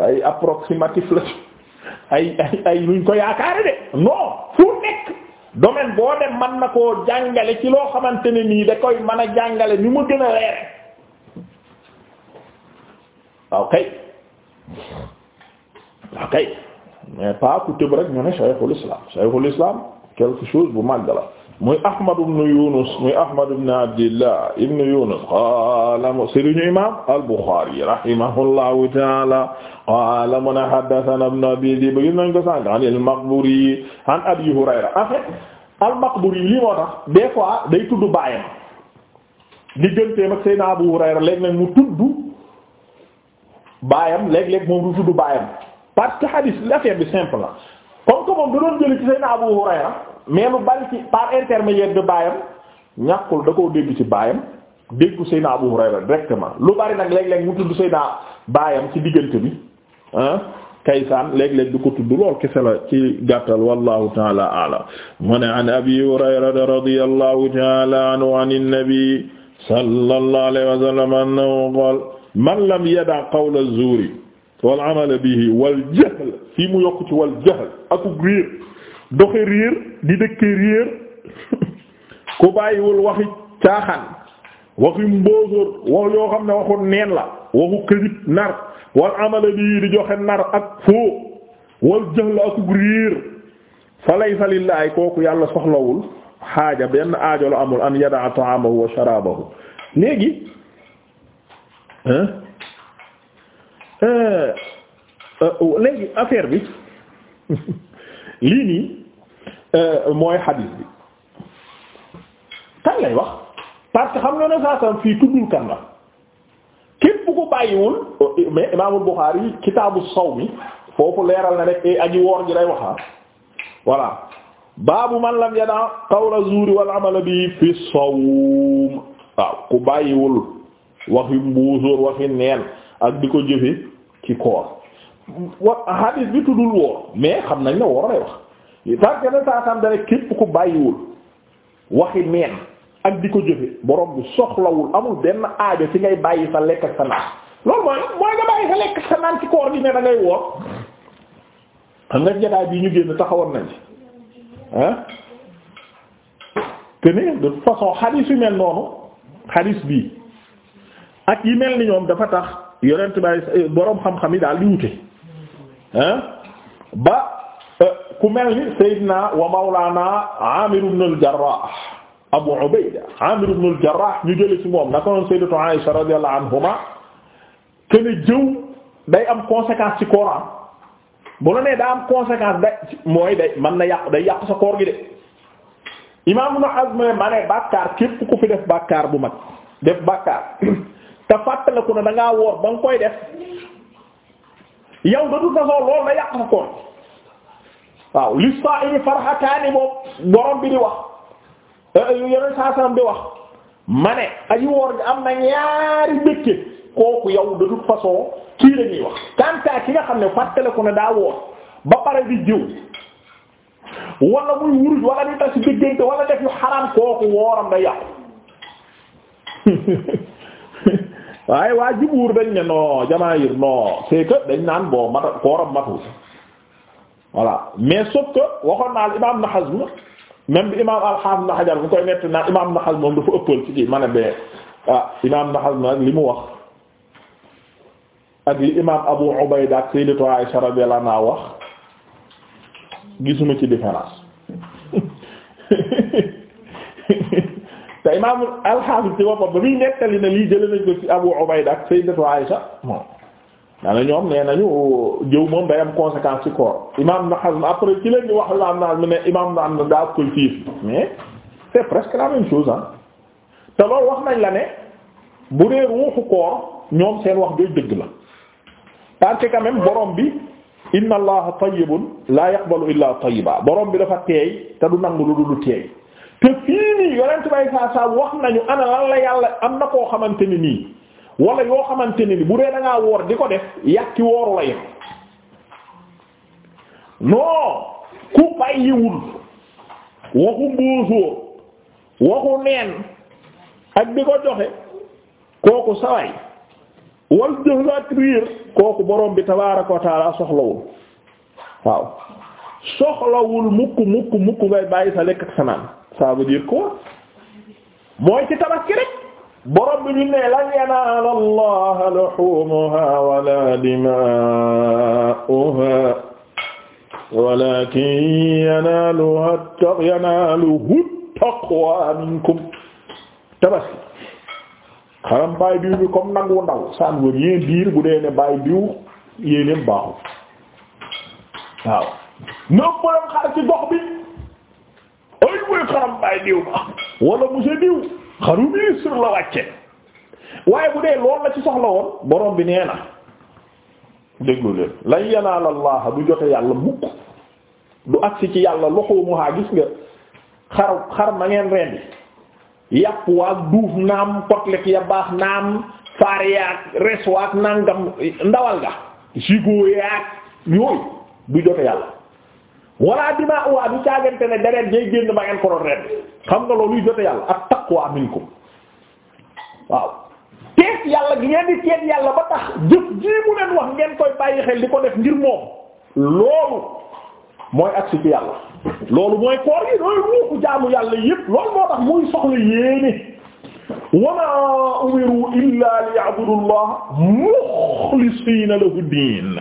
ay approximatif la ay ay ay luñ ko yaakaare de non fu nekk domaine boo dem mën na koo jàngale ci loo xamante ne nii da koy mën a jàngale ni mu gën a leere waaw kay mais pas tëb rek ñoo ne shaykhul islam shaykhul islam quelque chose bu mag la muy Ahmad ibn Yunus muy Ahmad ibn Abdillah ibn Yunus qaala sëriñu imaam al-Bukhari rahimahullahu ta'ala qaala mu ne haddathana ibn Abi Dhi'b gis nañ ko sànq an al-Maqburi an Abi Hurayra en al-Maqburi lii moo tax fois day tudd baayam digganteem ak Seydina Abu Hurayra léeg nag mu tudd baayam léeg-léeg moom du tudd baayam parce que hadith l'affaire bi simple la comme que moom da doon jëli ci Seydina Abu Hurayra mais lu bari ci par intermédiaire de baayam ñàkkul da koo dégg ci baayam déggu Seydina Abu Hurayra directement lu bari nag léeg-léeg mu tudd Seydina baayam ci diggante bi ah Kaysaan léeg-léeg du ko tudd lool kese la ci gàttal wallahu taala alam mu ne an Abi Hurayra radiyallahu taala anhu an an-nabi sallallahu alayhi wa sallam annahu qaala man lam yada' qawla az-zuuri wal amala bihi wal jahl fii mu yokk ci wal jahl ak réer doxe réer di dëkke réer ku bàyyiwul waxi caaxaan waxi mbóosóor wax yoo xam ne waxu neen la waxu këjib nar wal amala bi di joxe nar ak foo wal jëx la akuk réer fa laysa lillahi kooku yàlla soxlawul xaaja benn aajo la amul an yadaa ta'amahu wa sharabahu léegi euh, euh, léegi affaire bi lii nii Euh, mooy xadiis bi kan lay wax parce que xam na ne saa sam fii tuddul kan la képp ku bàyyiwul mais imaamul Buxaari kitaabu saw mi foofu leeral na rek eh, aji woor ji lay waxaa ah. voilà baabu man lam yada qawla zuuri wal amala bi fi sawm waaw ku bàyyiwul waxi mbuusóor waxi neen ak di ko jëfe ci koor wa hadis bi tuddul woor mais xam nañ ne woor lay wax parce que saa saam dana képp ku bàyyiwul waxi neen ak di ko jëfe borom bi soxlawul amul benn aajo ci ngay bàyyi sa lekk ak sa naan loolu mooy nga bàyyi sa lekk sa naan ci koor gi ne da xam nga jotaay bi ñu génn taxawoon nañ ci ah te ni de toute façon xadiis yu mel noonu xadiis bii ak yi mel ni ñoom dafa tax yonent bay boroom xam-xam yi daal di wute ah ba ku mel ni Seydina wa Mawlana Amir ibn jarrah Abu Ubayda Amir ibn jarrah ñu jële ci moom naka noonu Sayyidatu Aisha radiyallahu anhuma kene jëw day am conséquence ci Coran bu la daa am conséquence day mooy day man na yàq day yàq sa koor gi de Imaam Ibn Hazm ma ne bàkkaar képp ku fi def bàkkaar bu mag def bàkkaar te fàttaliku ne da ngaa woor ba koy def yow de toute façon loolu da yàq sa koor waaw li sahibi farxataani moom borom bi di wax eh, yeneen saa saam di wax ma ne woor gi am na ñaari mbégte kooku yow de toute façon kii la ñuy wax kantaa ki nga xam ne fàttaliku ne daa woor ba pare di jiw wala muy wuruj wala di tas diggante wala def yu xaraam kooku wooram da yàqu waaye waa jibuur dañ ne non jamaahir non c'est que dañ naan boo mat kooram matul voilà mais sauf que waxoon naa imaam Ibn Hazm même bi imaam al-Hafiz Ibn Hajar koy nett naa imaam Ibn Hazm moom dafa ma ne bee ah, li mu wax ak li imaam Abu Ubayda ak Sayyidatu Aisha radiyallahu wax gisuma ci différence te imaam al ci boppam ba muy nettali ne lii jëlee nañ ko ci Abu Ubayda ak Sayyidatu Aisha moom. daana ñoom nee nañu jëw moom day am conséquence ci koor imam na Hazm après ci leen ñu wax la am na mi ne imam am na daa koy fiif mais c'est presque la même chose ah te loolu wax nañ la ne bu dee ruuxu koor ñoom seen wax jooju dëgg la parce que quand borom bi inna allaha tayyibun la yaqbalu illa tayyiba borom bi dafa teey te du nangu lu dul teey te fii nii yonent bay saa saa wax nañu ana lan la yàlla am na koo xamante ni nii wala yoo xamante ni bu dee da ngaa woor di ko def yàqi wooru la yem non ku bàyyiwul waxu mboosóor waxu neen ak di ko joxe kooku saway wal jëxlaat riir kooku borom bi tabaaraka wa taala soxlawul waaw soxlawul mukk mukk mukk ngay bàyyi sa lekk ak sa naan ça veut dire mooy ci tabaski rek borom bi ñu ne lan yanaal allah luhumuha wala dima'uha walakin yanaaluha yanaaluhu taqwa minkum tabaski xaram bàyyi diw bi comme nag wu ndaw saan wër yéen biir bu dee ne bàyyi diw yéenéem baaxul waaw noo borom xar ci gox bi ay muy xaram bàyyi diw ba wala monsieur diw xaru bi sur la wàcce waaye bu dee loolu la ci soxla woon borom bi nee na déglu leen lan yanaal allah du jote yàlla mukk du agsi ci yàlla luxumuhaa gis nga xar xar ma ngeen rendi yàpp waak duuf naam côtelette ya baax naam faar yaak res waak nangam ndawal nga gigot yaak yooyu du jote yàlla wala dima waa du caagante jay génn ma ngeen ko doon ren xam loolu luy jote yàlla ak taqwa minkum waaw teet yàlla gi ngeen di teet yàlla ba tax jii mu leen wax ngeen koy bàyyi xel di ko def ngir moom loolu mooy agsi ci yàlla loolu mooy koor yi loolu moo tax muy soxla yéene wa maa illa liya'budu allaha muxlisina lahu diin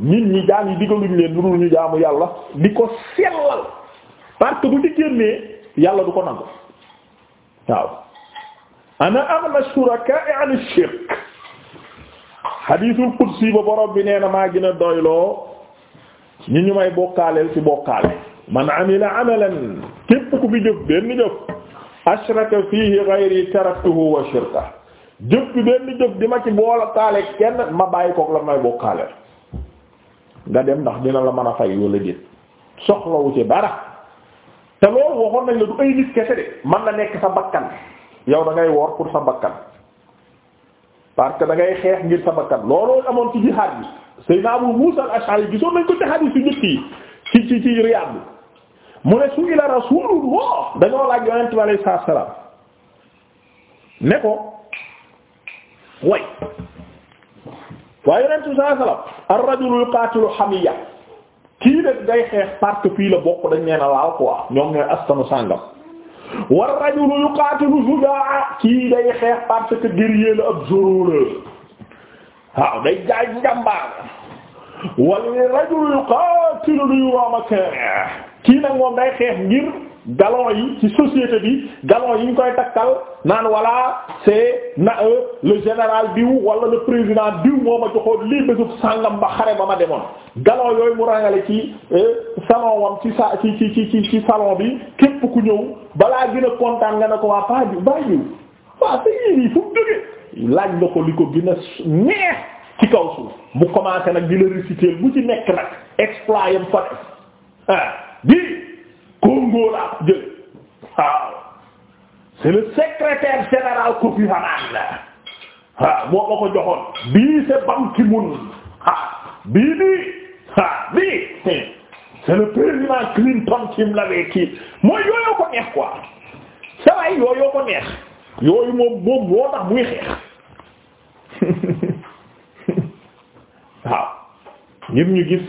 nit ñi jaam yi digaluñ leen lu dul ñu jaamu yàlla li ko sellal parce que bu ci yàlla du ko nangu waaw ana aghna shuraka'i 'an ash-shirk hadithul qudsi ba borom bi nee na maa gën a doyloo ñu ñu may bokkaaleel ci bokkaale man amila amalan képp ku fi jëf benn jëf ashraka fihi ghayri taraktuhu wa shirka jëf bi benn jëf di ma ci boolakaale kenn ma bàyyi kook la may bokkaaleel nga dem ndax dina la mën a fay la déet soxlawu ci dara te loolu waxoon nañ la du ay nit kese de man na nekk sa bakkan yow da ngay woor pour sa bakkan parce que da ngay xeex ngir sa bakkan looloo amoon ci jihaad bi Seydina Abu Muusa al-Ash'ari gisoon nañ ko ci hadiis yu njëkk yi ci ci ci mu ne su ila Rasulullah dañoo laaj Yonent bi alayhi salaam ne ko way waaye yonent bi sallallahu alayhi wasallam ar-rajulu yuqatilu hamiya kii day xeex parce que bokk dañ neena laal quoi ñoom ñooy askanu sàngam war rajulu yuqatilu shujaa kii day xeex parce que guerrier la ab zorole waaw day jaay njàmbaar wala rajulu yuqatilu li yura makana kii day xeex ngir galon yi ci société bi galon yi ñu koy takkal naan voilà c'est na euh, le général diw wala le président diw moo a joxoon lii bésub sàngam ba xare ba ma demoon galon yooyu mu rangale ci euh, salon wam ci sa ci ci ci salon bi képp ku ñëw balaa gën a kontaan nga ne ko waa pa diw diw waa sa yii nii fu mu jógee laaj nga ko li ko gën a neex ci kaw suuf mu commencé nag di la réciter bu ci nekk nag exploit yam fa ah Congo laa ko jël waaw c'est le secrétaire général Kofi Annan ah moo ma ko joxoon bii c'est Ban Ki-moon ah bii nii ah bii c'est le président Clinton qui me l'avait kii mooy yooyu ko neex quoi sa waay yooyu ko neex yooyu moom moom moo tax muy xeex waaw ngir ñu gis.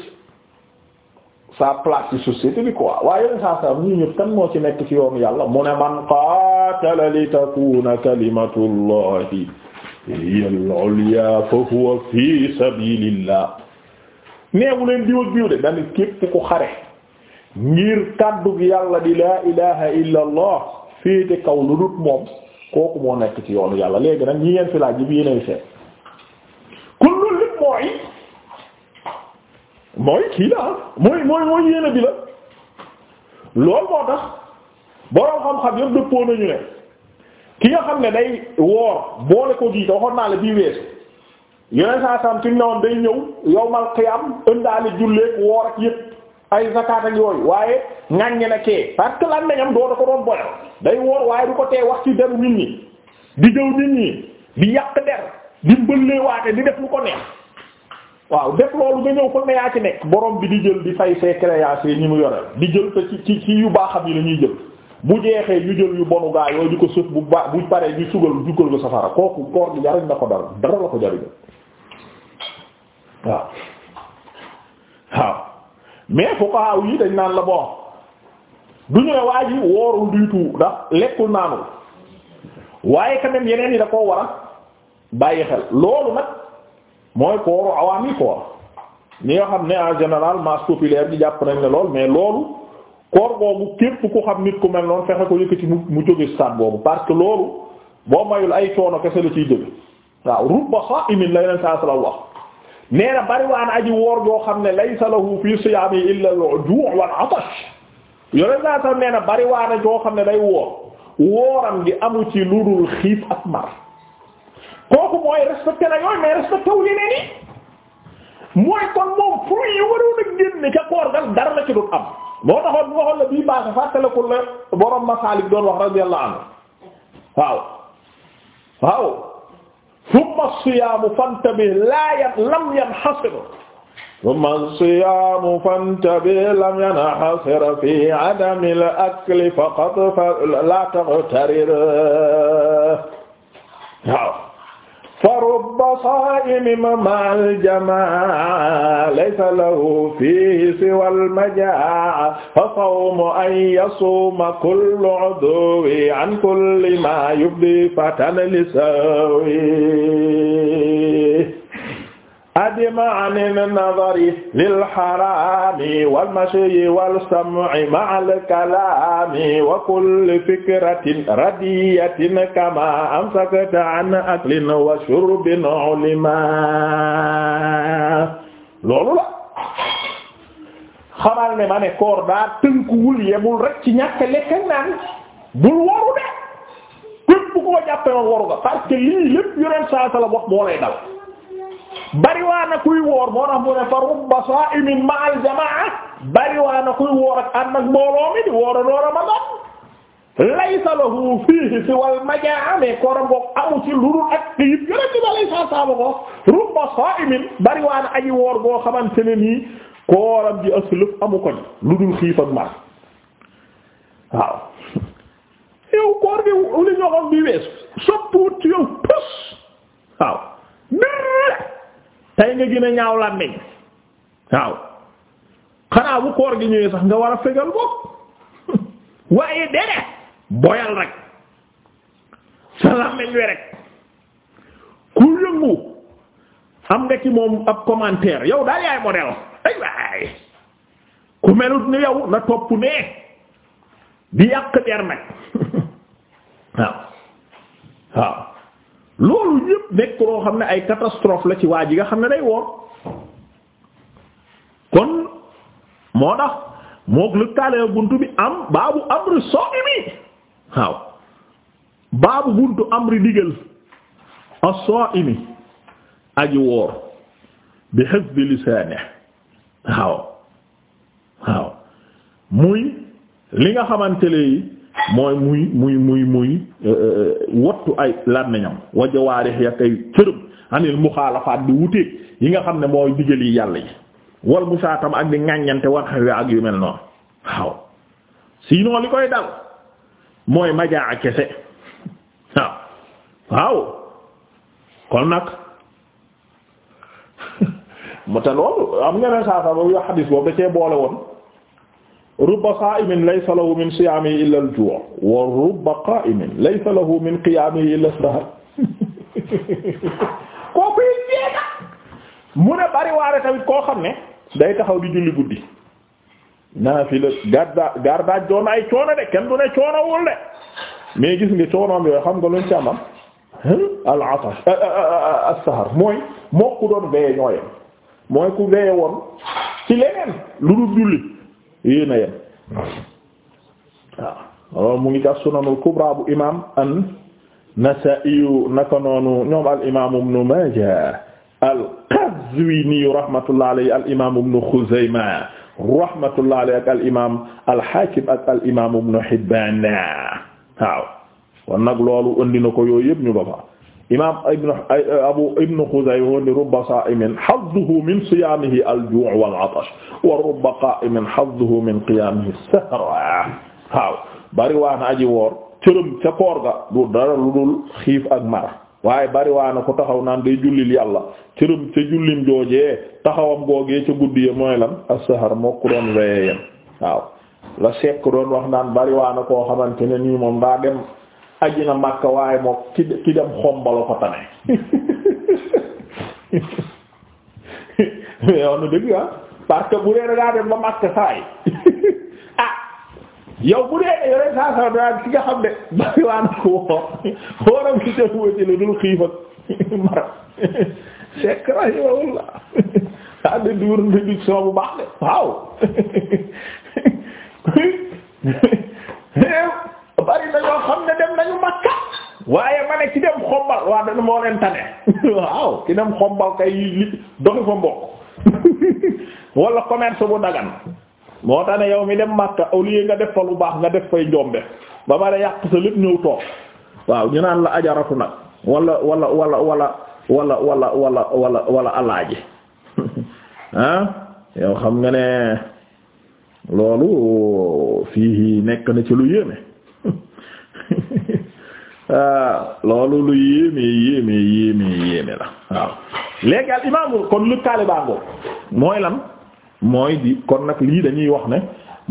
sa place ci société bi quoi waaye yeneen saa saa ñu ñëpp kan ci nekk ci yoonu yàlla mu ne man qaatala li takuna kalimatullahi hiya al-ulya fa huwa fi sabilillah neewu leen diw ak de dañu képp ku xare ngir kàddu gi yàlla di laa ilaha illa allah féete kaw lu dut moom kooku moo nekk ci yoonu yàlla léegi nag ñi ngeen fi laaj ji bi seet kon loolu lépp mooy mooy kii la ah mooy mooy mooy yéene bi la loolu moo tax boroom xam-xam yëpp dëppoo nañu ne ki nga xam ne day woor boole ko gii te waxoon naa la bii weesu yeneen saa sam ci ñëwoon day ñëw yowmal qiyam ëndaale julleek woor ak yëpp ay zakat ak yooyu waaye ŋaññe na kee parce que lan nañam doo da ko doon boyal day woor waaye du ko tee wax ci deru nit ñi di jëw nit ñi di yàq der di mbëllee waate di def lu ko neex waaw def loolu nga ñëw foog ne yaa ci nekk borom bi di jël di fay ses créances ñi mu yoreel di jël te ci ci yu baaxam yi lañuy ñuy jël bu jeexee ñu jël yu bonu gaa yooyu di ko sëf bu baax bu paree ñu sugal jukkal ko safara kooku koor gi jariñ na ko dara dara la ko jariñ waaw waaw mais fuqaha yi dañ naan la bon du ñu ne waa ji woorul du tout ndax lekkul naanul waaye quand yeneen yi da koo war bàyyi xel loolu nag. mooy kooru awaam yi koor ñi nga xam ne en général masse populaire bi jàpp nañ ne lool mais loolu koor boobu képp ku xam nit ku mel noonu fexe ko yëkkati mu mu jóge stade boobu parce que loolu boo mayul ay coono kese la ciy jóge waaw rubba sa'imin la yeneen saa sala wax nee na aji woor joo xam ne laysa lahu fi siyaami illa al-ju' wal 'atash yeneen saa sala nee na bariwaan joo xam ne day woor wooram gi amu ci lu dul xiif ak mar kooku mooy respecté na yooyu mais respecté wu yeneen yi mooy kon moom fruit yi waroon a génne ca koor gan dara la ci doon am moo taxoon bu waxoon la bii baax fàttaliku la borom masaalik doon wax radiyallahu anhu waaw waaw thumma siyaamu fantabih laa yan lam yanhasir thumma siyaamu fantabih lam yanhasir fi adami al akli faqat fa laa taqtarir waaw fa rubba sa'imin ma'al jamaa laysa lahu fiihi siwal majaa fa sawmu an yasuuma kullu uduwwi an kulli maa yubdi fatan li sawi adima anin nadari lil harami wal mashyi wal sam'i ma'al kalami wa kulli fikratin radiyatin kama amsakta an aklin wa shurbin ulima loolu la xamal ne ma ne koor daa tënkuwul yemul rek ci ñàkk lekk naan bul waru de képp koo jàppe woon waru nga parce que lii lépp yoneen saa sala wax moo lay dal bariwaana kuy woor moo tax mu ne fa rubba sa'imin ma'al jamaa bariwaana kuy woor ak ànd mbooloo mi di woora doo Ramadan laysa lahu fiihi siwal majaa mais kooram boobu amu ci lu dul ak yib yonent bi alayhi salaatu salaam ko rubba sa'imin bariwaana aji woor boo xamante ne nii kooram ji aslëf amu ko ni lu dul xiif ak mar waaw yow koor gi li ñoxoon bi weesu soppuut yow pës waaw tey nga gën ñaaw làmmiñ waaw xanaa bu koor gi ñëwee sax nga war a fegal bopp waaye dere boyal rek sa làmmiñ wi rek ku yëngu am nga ci moom ab commentaire yow daal yaay modèle ay waay ku melut ni yow na topp nee di yàq der nag waaw waaw loolu yépp nekk loo xam ne ay catastrophe la ci waa ji nga xam ne day woor kon moo tax mook lëkkaale buntu bi am baabu amri soomi mi waaw baabu buntu amri digal as-sa'imi aji woor bi hifdi lisaani waaw waaw muy li nga xamante mooy muy muy muy muy euh, euh, wattu ay làmmiñam wa jawaarih yak ay cërëm anil muxaalafaat di wuteeg yi nga xam ne mooy digal yi yàlla yi wal musaatam ak di ŋàññante war xewe ak yu mel noonu waaw sinon li koy dal mooy majaa ak kese waaw waaw kon nag mu te loolu am nga ne saa saa ba yu boobu da boole woon rubba qaa'imin laysa lahu min siyaamihi illa al-juu' rubba qaa'imin laysa lahu min qiyaamihi illa as-sahar kooku yi jeega mu ne bari waare tamit koo xam ne day taxaw di julli guddi naafila garda garda ay coono de kenn du ne coonowul de mais gis nga coonoom yooyu xam nga luñ ci amam al atash as mooy moo ku doon veye ñooyam mooy ku veye woon ci leneen lu dul julli yéen a yem waaw loolu mu ngi tax sunanul kubra bu imam an Nasa'i naka noonu ñoom al imam ibn Majah al Qazwini rahmatullah alayhi al imam ibn Khuzaymah rahmatullah alayhi ak al imam al Hakim ak al imam ibn Hibban waaw kon nag loolu andi na ko yooyu yëpp ñu ba fa imaam ibn abu ibn Xuzayma ni rubba saa'imin hazzuhu min siyaamihi al-juu' wal-'atash wa rubba qaa'imin hazzuhu min qiyaamihi as-sahar waaw bari waa na aji woor cërëm ca koor ga du dara lu dul xiif ak mar waaye bari waa na ku taxaw naan day jullil yàlla cërëm ca jullim joojee taxawam googee ca guddi ya mooy lan as-sahar moo ko doon weyee yéen waaw la sekk doon wax naan bari waa na koo xamante ne nii moom daa dem. aji na Makka waaye moom ki ki dem xombalo ko tane yow nu dëgg ah parce que bu dee da ba Makka saay ah yow bu dee yore saa saa daan ki nga xam ne bariwaan ko woor wooram ki te wëti lu dul xiif ak mara c'est rahimahullah ah de duur réduction bu baax de waaw eh, bari dañoo xam ne dem nañu makka waaye ma ne ci dem xombal waa dana moo leen tane waaw ci dem xombal kay doxi fa mbokk wala commerce bu dagan moo tax ne yow mi dem makka au lieu nga def fa lu baax nga def fay njombe ba pare yàq sa lépp ñëw toog waaw ñu naan la ajaratu nag wala walla walla wala walla wala walla walla wala alaaji ah yow xam nga ne loolu fii nekk na ci lu yéeme. Ah, loolu lu yéeme yéeme yéeme la waaw léegi al imaamul kon lu kaalibaango mooy lan mooy di kon nag lii dañuy wax ne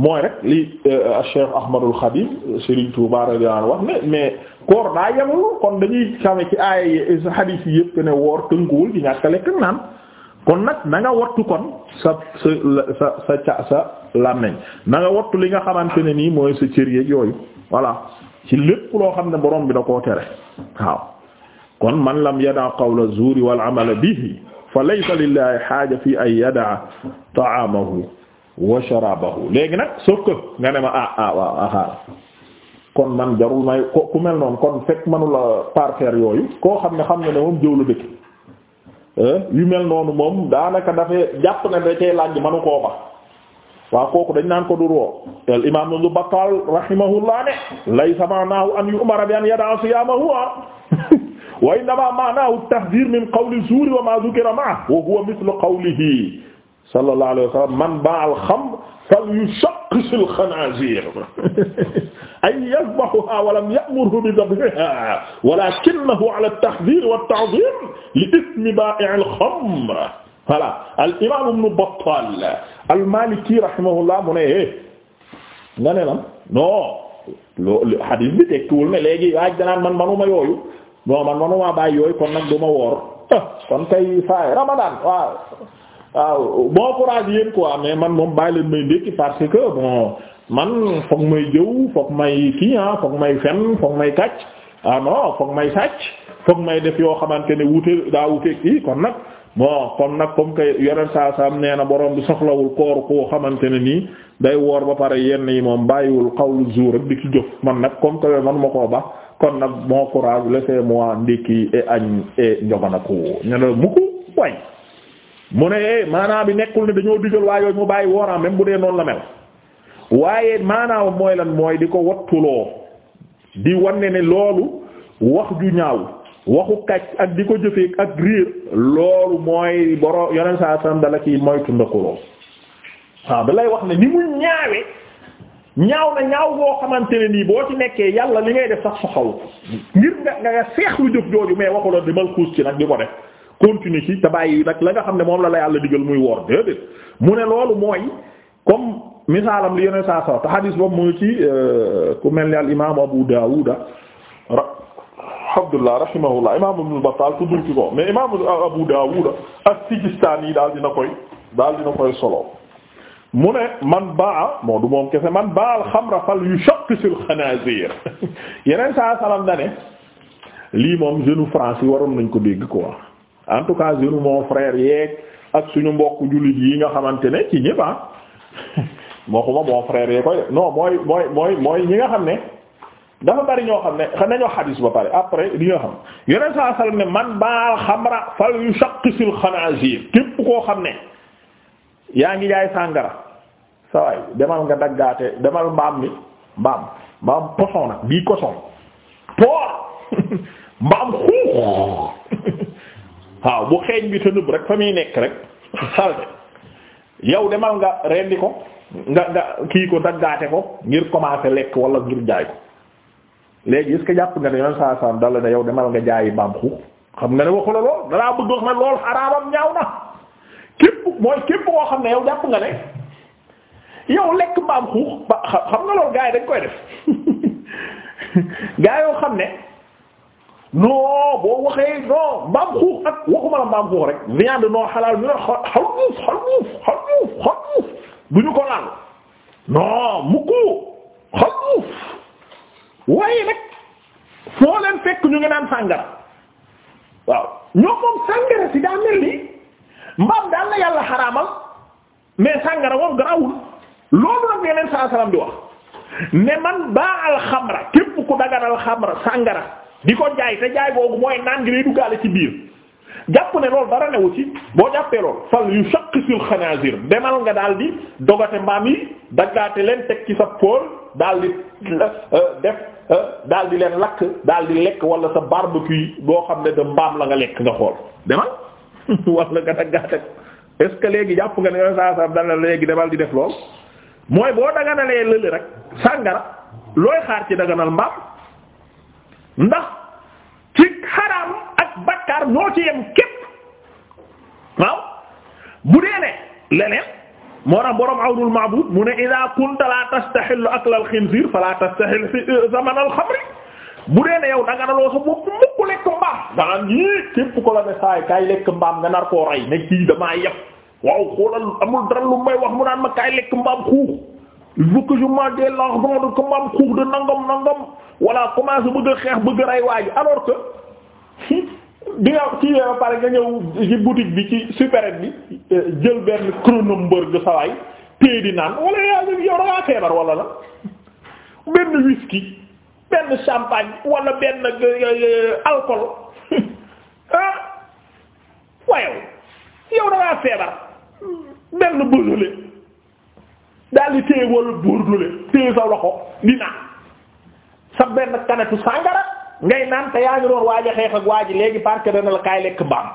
mooy rek li euh, Cheikh Ahmadul Khadim Serigne Touba radiyallahu wax ne mais koor daa yemul kon dañuy xame ci ay hadith yi yëpp ne woor tënkuwul ci ñàkk a lekk naan kon nag na nga wattu kon sa sa sa sa sa làmmeñ na nga wattu li nga xamante ne nii mooy sa cër yeeg yooyu voilà. ci lépp loo xam ne borom bi da koo tere waaw kon man lam yadaa qawla zuuri wal amala bihi fa laysa lillahi xaaja fi ay yadaa taamahu wa sharabahu léegi nag sauf que nga ne ma ah, ah, ah, ah. man jarul ku mel noonu kon fekk manula parfaire yooyu koo xam ne xam nga ne moom jëw la dëkk eh, yu mel noonu moom daanaka dafay jàpp ne da cee laaj manu koo ba waaw kooku dañ naan ko du ruwo al imam ibn Battal rahimahullah ne laysa ma'nahu an yu'mara bi an yada'a siyamahu wa innama ma'nahu at-tahdhir min qawli zuur wa ma dhukira ma'ahu wa huwa mithlu qawlihi sallallahu alayhi wa sallam man ba'a al-khamr falyushaqqis al-khanazir ay yadhbahuha wa lam ya'murhu bi dhabhiha walakinahu ala at-tahdhir wa at-ta'dhim li ithmi ba'i' al-khamr voilà al imam ibn Battal al maliki rahimahullah mu ne eh nga ne lan non loolu hadith bi tekkiwul ne léegi waaj danaan man manuma yooyu non man manuma bàyyi yooyu kon nag du ma woor ah, kon kay faay ramadan waaw waaw bon courage yéen quoi mais man moom bàyyi leen may ndékki parce que bon man foog may jëw foog may kii ah foog may fen foog may kàcc ah non foog may sàcc foog may def yoo xamante ne wute daa wute kii kon nag bon kon nag comme que yonent saa saam nee na boroom bi soxlawul koor koo xamante ne nii day woor ba pare yenn yi moom bàyyiwul xawlu zuur rek di ki jëf man nag comme que man ma koo baax kon nag moo courage laissez-moi ndékki et añ et njoganaku ñu ne mu ko way mu ne eh, maanaam bi nekkul ne dañoo digal waa yooyu mu bàyyi wooraam même bu dee noonu la mel waaye maanaam mooy lan mooy di ko wattuloo di wanne ni loolu wax ju ñaaw waxu kàcc ak di ko jëfee ak riir loolu mooy boro yoneen saa sallam dala ci moytu ndakuloo waaw da lay wax ne ni mu ñaawe ñaaw na ñaaw boo xamante ne nii boo ci nekkee yàlla li ngay def sax soxaw ngir nga nga seexlu jëf jooju mais waxu la demal xuus ci nag di ko def continue ci te bàyyi nag la nga xam ne moom la la yàlla digal muy woor déedéet mu ne loolu mooy comme misaalam li yoneen saa sallam te hadis boobu mu ci euh, ku mel ni al imaamu Abu Daawuda Abdullah rahimahullah imam Ibn Battal tuddul ci ko mais imam Abu Dawud as-Sijistani daal dina koy daal dina koy solo mu ne man baa moo du moom kese man baa al-xamra fal yushaqqis al-xanaazir yeneen saa salaam da ne lii moom jeune France yi waroon nañ ko dégg quoi en tout cas jeune mon frère yeeg ak suñu mbokk jullit yi nga xamante ne ci ñëpp ah moo ko ma mon frère yee koy non mooy mooy mooy mooy ñi nga xam ne. dafa bari ñoo xam ne xam nañoo xadis ba pare après li ñoo xam yeneen saa sallam ne man baal xamra fal yushaqisul xanaazir képp koo xam ne yaa ngi jaay sàngara sa demal nga daggaate demal mbaam mi mbaam mbaam poson nag bii koson poor mbaam xuux waaw bu xeeñ bi te nëbb rek fa muy nekk rek salte yow demal nga rendi ko nga nga kii ko daggaate ko ngir commencer lekk wala ngir jaay ko léegi est-ce que jàpp nga ne yoon saa saam dala ne yow demal nga jaayi mbaam xuux xam nga ne waxu lool dalaa bëgg wax lool xaraamam ñaaw na képp mooy képp koo jàpp nga ne yow lekk mbaam xuux ba xam nga loolu gaa dañ koy def gaa yoo xam ne non boo waxee non mbaam xuux ak waxuma la xuux rek viande non xalaal ñu ne xal xuuf xal xuuf xal du ñu ko laal non mukku xal waaye nag foo leen fekk ñu ngi naan sàngara waaw ñoo moom sàngara si daa mel ni mbaam daal la yàlla xaraamal mais sàngara woon awul loolu nag yeneen saa salaam di wax ne man baa alxamra képp ku daganal xamra sàngara di ko jaay te jaay boobu mooy naan gi lay duggaale ci biir jàpp ne loolu dara newu ci boo jàppee loolu fal yu shaqisul xanaazir demal nga daal di dogate mbaam yi daggaate leen teg ci sa pool daal di euh, def Eh, daal di leen lakk daal di lekk wala sa barbecue boo xam ne da mbaam la nga lekk nga xool demal wala nga dagg gàtt léegi jàpp nga ne yow saa saa dana léegi demal di def lool mooy boo daganalee lële rek sàngara looy xaar ci daganal mbaam ndax ci xaraam ak bakkaar ñoo ci yem képp waaw bu dee ne leneen. moo tax borom awdul ma'bud mu ne ida kunta la tastahillu akla al khinzir fala tastahil zaman al xamri bu dee yow da nga daloo sa bopp mukk lekk mbaam danaan ñii képp ko la ne saay kaay lekk mbaam nga nar amul dara may wax mu ma kaay lekk mbaam xuux il faut que je me délange de ko mbaam xuux de nangam wala commencé bëgg xeex bëgg a rey waaji alors bi nga ci ba euh, pare nga ñëw ci boutique bi ci supérette bi euh, jël benn Kronenbourg sa waay di naan wala yow da ngaa feebar wala la benn whisky benn champagne wala benn euh, alcool ah waaye yow da ngaa feebar benn Beaujolais daal di téye wala Bordeaux téye sa loxo di naan sa benn kanetu sàngara ngay naan te yaa ngi doon waaj a xeex ak waaj léegi parce dana la kaay lekk mbaam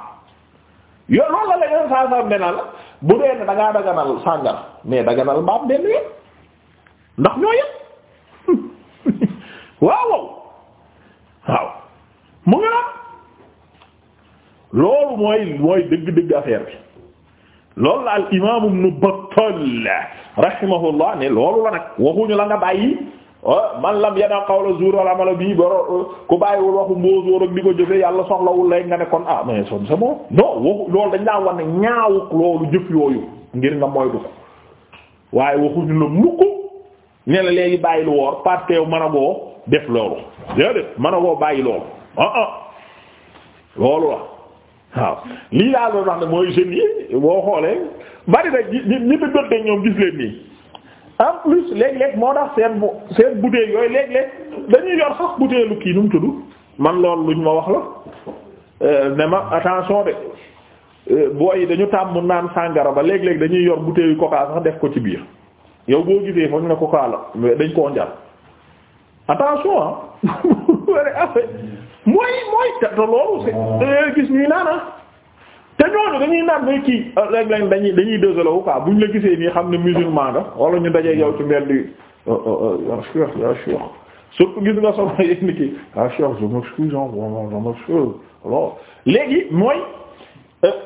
yow loolu la la saa saa ne la bu dee ne da daganal sàngara mais daganal mbaam benn yoon ndax ñoo yëpp waaw waaw mu ngi naan loolu mooy mooy dëgg-dëgg affaire bi loolu la al imaam Ibn Battal rahimahullah ne loolu la nag waxuñu la nga bàyyi. Oh, man lam yada qawla zuur wal amala bii boro ku bàyyiwul waxu mbóos wóor ak di ko jëfe yàlla soxlawul lay nga ne kon ah mais son sa moom non waxu loolu dañ laa war ne ñaawuk loolu jëf yooyu ngir nga moytu ko waaye waxuñu la la léegi bàyyi lu a boo def loolu déedéet mën a boo bàyyi loolu ah ah loolu la boo xoolee bari na ñi ñi ñi ñoom gis leen nii en plus léeg moo tax seen bu seen bouteille léeg-léeg dañuy yor lu kii nu mu tudd man loolu luñ ma wax la euh, ne ma attention de euh, booy yi dañu tàmm naan sàngara ba léeg-léeg dañuy yor bouteille yu coca sax def ko ci biir yow boo gisee foog ne coca la dañ koo njar attention ah mooy mooy te loolu c'est gis ñuy naana ah. te ñooñu dañuy naan day kii rek ah, lañ dañuy dañuy désolé wu quoi buñ la gisee nii xam ne musulman nga wala ñu dajee yow ci mbedd yi euh, euh, euh, yaa cheikh yaa cheikh surtout gis nga soxna yéen kii yaa cheikh je m'excuse je m'excuse alors léegi mooy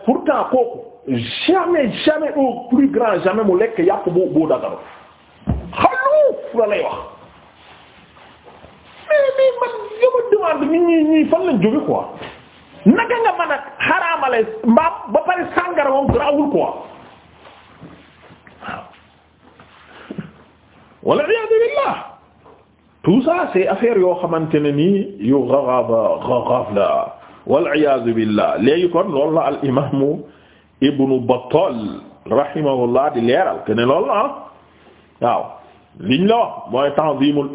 pourtant kooku jamais jamais au plus grand jamais mu lekk yàpp bu bu dagaru xaluuf la lay wax mais mais man dama demande nit ñi ñii fan lañ jóge quoi. naka nga mën a xaraamale mbaam ba pare sàngara moom grawul quoi waaw wala iyadu billah yoo xamante ne nii yu gharaba gharafla wal iyadu billah léegi kon la al imaamu ibnu Battal rahimahullah di leeral te ne loolu la ah waaw liñ la wax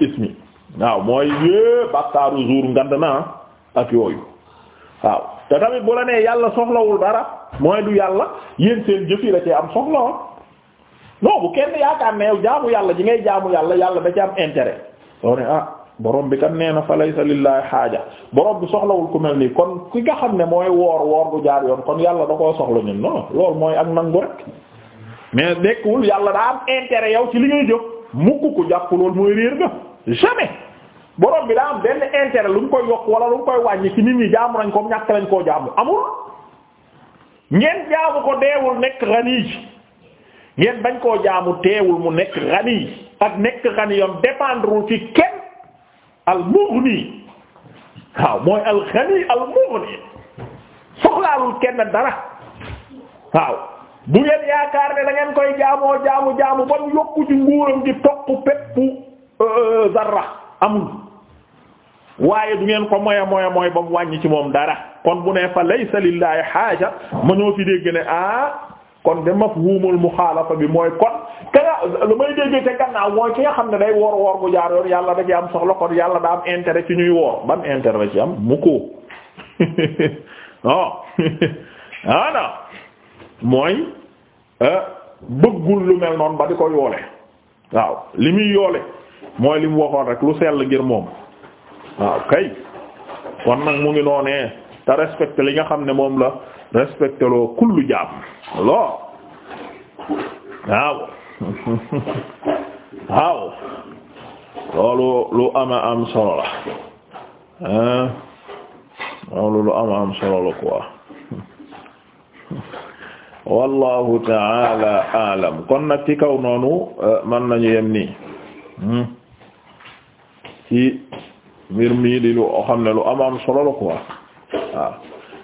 ismi waaw mooy yée baktaaru zuur ngand na ak yooyu waaw te tamit bu la nee yàlla soxlawul dara mooy du yàlla yéen seen jëf yi cee am soxla woon non bu kenn yaakaar ne yow jaamu yàlla ji ngay jaamu yàlla yàlla da ci am intérêt soo ne ah borom bi kan nee na fa laysa lillahi xaaja borom bi soxlawul ku mel nii kon ki nga xam ne mooy woor woor bu jaar yoon kon yàlla da koo soxla ñun non loolu mooy ak nangu rek mais nekkul yàlla daa am intérêt yow ci li ngay jóg mukk ko jàpp loolu mooy réer nga jamais. borom bi daa am benn intérêt lu mu koy yokk wala lu mu koy wàññi ci nit ñi jaamu nañ ko ñàkk lañ koo jaamu amul ngeen jaamu ko deewul nekk ganiy ngeen bañ koo jaamu teewul mu nekk ganiy ak nekk ganiyam dépendre ci kenn al mughni waaw mooy al ghani al mughni soxlaalul kenn dara waaw bu ngeen yaakaar ne da ngeen koy jaamoo jaamu jaamu ba mu yokku ci nguuram di topp peppu euh, euh, zarra amul waaye du ngeen ko moya moya mooy ba mu wàññi ci moom dara kon bu ne fa laysa lillahi xaaja ma ñoo fi dégg ne ah kon de mafhumul muxaalafa bi mooy kon ka lu may déggee ca gannaaw mooy ki nga xam ne day woor woor bu yàlla da ci am soxla kon yàlla da am intérêt ñuy woor ban intérêt am mu ko non ana ah, mooy euh, bëggul lu mel noonu ba di ko yoole waaw li muy yoole mooy li mu waxoon rek lu sell ngir moom waaw kay kon nag mu ngi noonee te respecté li nga xam ne moom la respecté loo kullu jaam loo waaw waaw loolu lu ama am solo la loolu lu ama am solo la quoi taala alam kon nag ci kaw noonu euh, man nañu yem nii hmm? mbir mii di lu xam ne lu am am solo la quoi waaw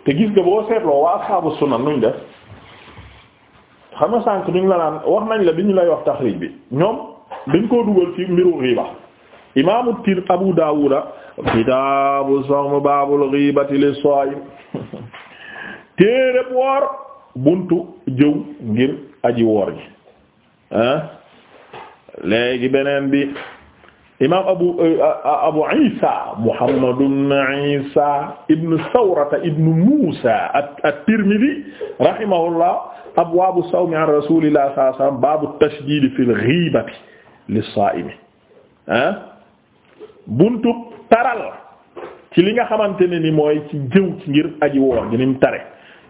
te gis nga boo seetloo waa saabu sunan nuñ def xam nga sànq ñu ngi la naan wax nañ la bi ñu lay wax taxriij bi ñoom dañ koo dugal ci mbiru riba imaamu tir abu daawuda kitaabu soxm baabul ghibati li saayim téere woor buntu jëw ngir aji woor ji léegi beneen bi imaam abu eh, abu isa muhammad ibn isa ibn sawrata ibn musa at-tirmidhi rahimahullah abwaabu sawmi an rasulillah sallallahu alayhi wasallam baabu tashdid fil ghibati lis-saa'imi ah buntu taral ci li nga xamante ne ni mooy ci jëw ci ngir aji woor gi ni mu tare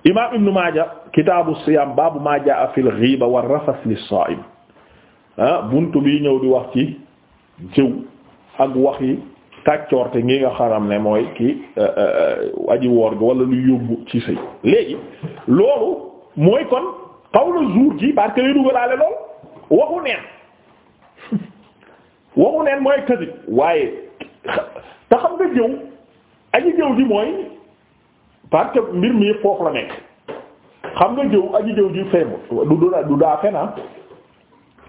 imaam ibn maaja kitaabu siyaam baabu maa jaa'a fil ghiba war rafas lis-saa'im ah buntu bi ñëw di wax ci jëw ak wax yi te ngi nga xaram ne mooy ki euh, euh, aji woor gi wala lu yóbbu ci sëy léegi loolu mooy kon xawla jour ji parce que lay dugalaale lool waxu neen waxu neen mooy kasib waaye te xam nga jëw aji jëw ji mooy parce mbir mi foofu la nekk xam nga jëw aji jëw ji feemu du du daa fen ah.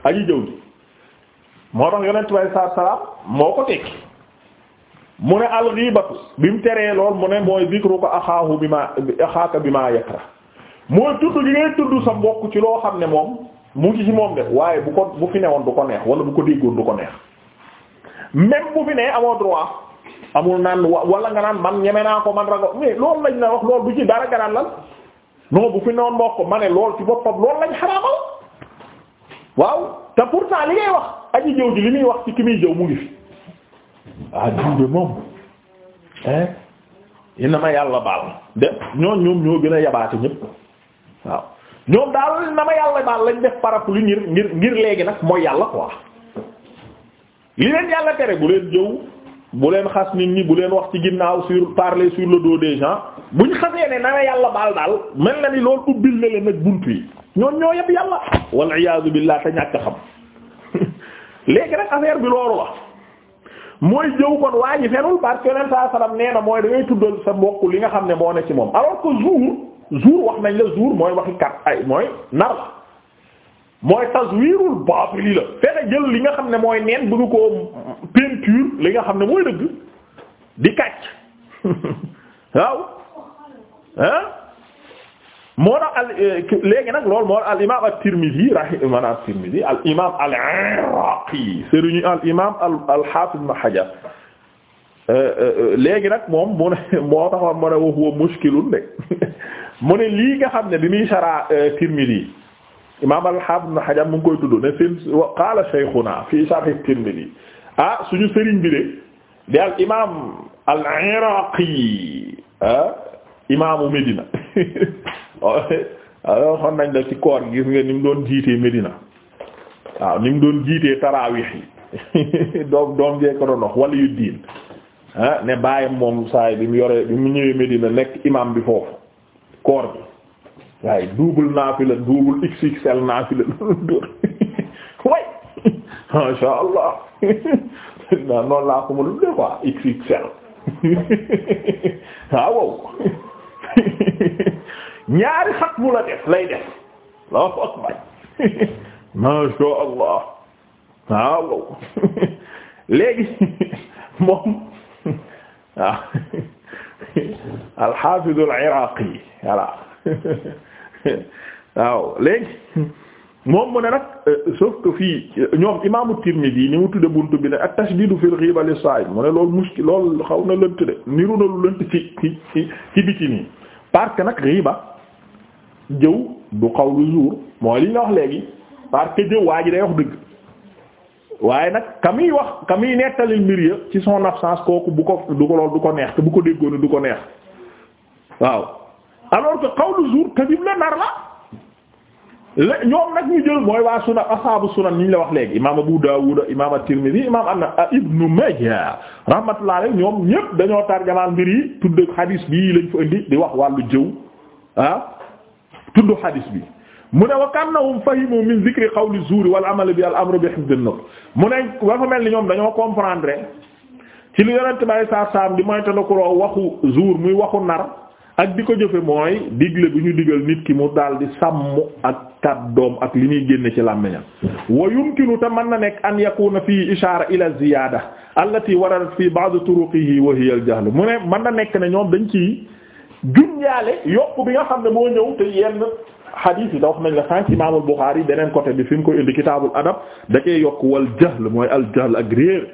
aji jëw ji moo tax yonent bi saa salaam moo ko tekki mu ne alxiibatu bi mu teree lool mu ne mooy zikru ko axaahu bi ma axaaka bi ma yakra mooy tudd gi ngay tudd sa mbokk ci loo xam ne moom mu ngi ci moom def waaye bu ko bu fi newoon du ko neex wala bu ko déggoon du ko neex même bu fi nee amoo droit amul naan wala nga naan man ñeme naa ko man rago mais loolu lañ la wax loolu du ci dara garaan lan non bu fi newoon mbokk ma ne lool ci boppam loolu lañ aji jëw ji li muy wax ci ki muy jëw mu ngi fi ah diw de moom hein ina ma yàlla baal de ñoom ñoom ñoo gën a yabaate ñépp waaw ñoom daal na ma yàlla baal lañ def parapluie ngir ngir ngir léegi nag mooy yàlla quoi li leen yàlla tere bu leen jëw bu leen xas nit ñi bu leen wax ci ginnaaw sur parler sur le dos des gens buñ xasee ne na ma yàlla baal daal mel na ni loolu ubbil na leen nag buntu yi ñoom ñoo yëpp yàlla wal iyaazu billah te ñàkk xam léegi nag affaire bi loolu la mooy jëw kon waa ji fenul parce que yeneen saa salaam nee mooy da ngay tuddal sa mbokk li nga xam ne moo ne ci moom alors que jour jour wax nañ la jour mooy waxi kat ay mooy nar la mooy taswirul baatili la fexe jël li nga xam ne mooy neen bëgg ko peinture li nga xam ne mooy dëgg di kàcc waaw ah moo tax al euh, nag loolu moo tax al imaam at-Tirmidhi rahimahullah at-Tirmidhi al imaam al-Iraqi al al hafiz Ibn Hajar euh, euh, léegi nag moom mu ne moo taxoon mu ne wa huwa mushkilun de mu ne lii nga xam ne bi muy saraa Tirmidhi imaam al-Hafiz Ibn Hajar mu ngi koy tudd ne seen wa qaala shaykhuna fi sharh at-Tirmidhi ah suñu sëriñ bi de di al imaam al-Iraqi ah imaamu Medina. waaw xon nañ la ci koor gi gis nga ni mu doon jiitee Medina waaw ni mu doon jiitee taraawix yi doom doom jee ko doon walla yu diin ah, ne bàyyam moom saay bi mu yoree bi mu ñëwee Medina nekk imam bi foofu koor bi waaye double naafila double XXL naafila loolu dóor way masha Allah naa noonu laa ko mënul de quoi XXL ah, waaw ñaari xatmu la def lay def Allahu akbar ma sha Allah waaw léegi moom waaw al-Hafiz al-Iraqi voilà waaw léegi moom mu ne nag euh, sauf que fii ñoom imaamu Tirmidhi ni mu tudde bunt bi ne at-tashdiidu fil ghiiba lis-saa'im mu ne loolu muskil loolu xaw na lënt de niru na lu lënt ci ci ci biti nii parce que nag jëw du xawlu zuur mooy li la wax léegi parce que jëw waa ji day wax dëgg waaye nag ka muy wax ka muy nettali mbir ya ci son absence kooku bu ko du ko lool du ko neex te bu ko déggoon du ko neex waaw alors que xawlu zuur kadib la nar la la ñoom nag ñu jël mooy waa sunan ashabu sunan ñu la wax léegi imam Abu Dawud imam at-Tirmidhi imam anna ah, Ibn Majah rahmatullah alayhi ñoom ñépp dañoo tarjamaal mbir yi tudd xadiis bii lañ fa indi di wax wàllu jëw ah. tudd xadis bi mu ne wa kannahum fahimu min zikri qawli zuuri wal amali bi al amru bi hifd an-nur mu ne dafa mel ni ñoom dañoo comprendre ci li yonent bay saa saam di moy te na ko waxu zuur muy waxu nar ak di ko jëfe mooy digle bu ñu digal nit ki mu daal di sàmm ak doom ak li muy génne ci làmmiña wa yumkinu te mën na nekk an yakuna fii ishaara ila ziyaada allati waradat fii ba'd turuqihi wa hiya al-jahl mu ne mën na nekk ne ñoom dañ ci junjaale yokk bi nga xam ne moo ñëw te yenn xadiis yi da nañ la sànq imaamul Buxaari beneen côté bi fi mu koy indi kitaabul adab da cee yokk wal jahl mooy al jahl ak réer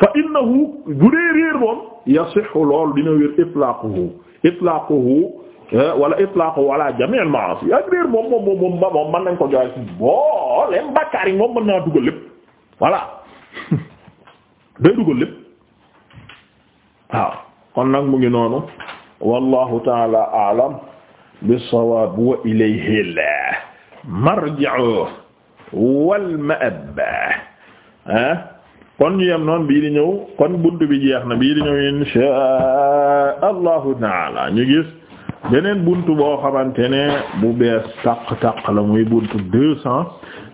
fa innahu bu dee réer moom yasixu lool dina wér itlaaquhu itlaaquhu eh, wala itlaaquhu ala nañ ko joxe si booleem yi moom mën naa dugal lépp voilà day dugal lépp waaw kon nag mu ngi noonu wallahu taala aalam bissawaab wa ilayhi la marji'u wal ma'ab ah kon ñu yem noonu bii di ñëw kon bunt bi jeex na bii di ñëw inshaa allahu taala ñu gis beneen bunt boo xamante ne bu bees taq-taq la muy bunt deux cent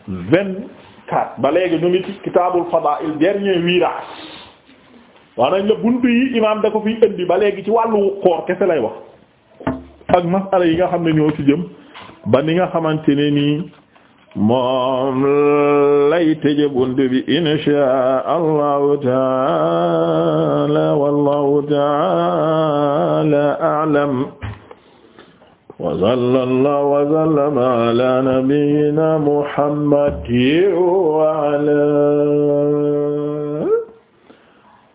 vingt-quatre ba léegi ñu ngi ci kitaabul fadaa'il dernier virage wax nañ la buntu yi imaam da ko fiy indi ba léegi ci wàllu koor kese lay wax ak masala yi nga xam ne ñoo ci jëm ba ni nga xamante ne nii moom lay tëje buntu bi insha allahu taala wallahu taala a'lam wa sallallahu wa sallama ala nabiyyina muhammadin wa ala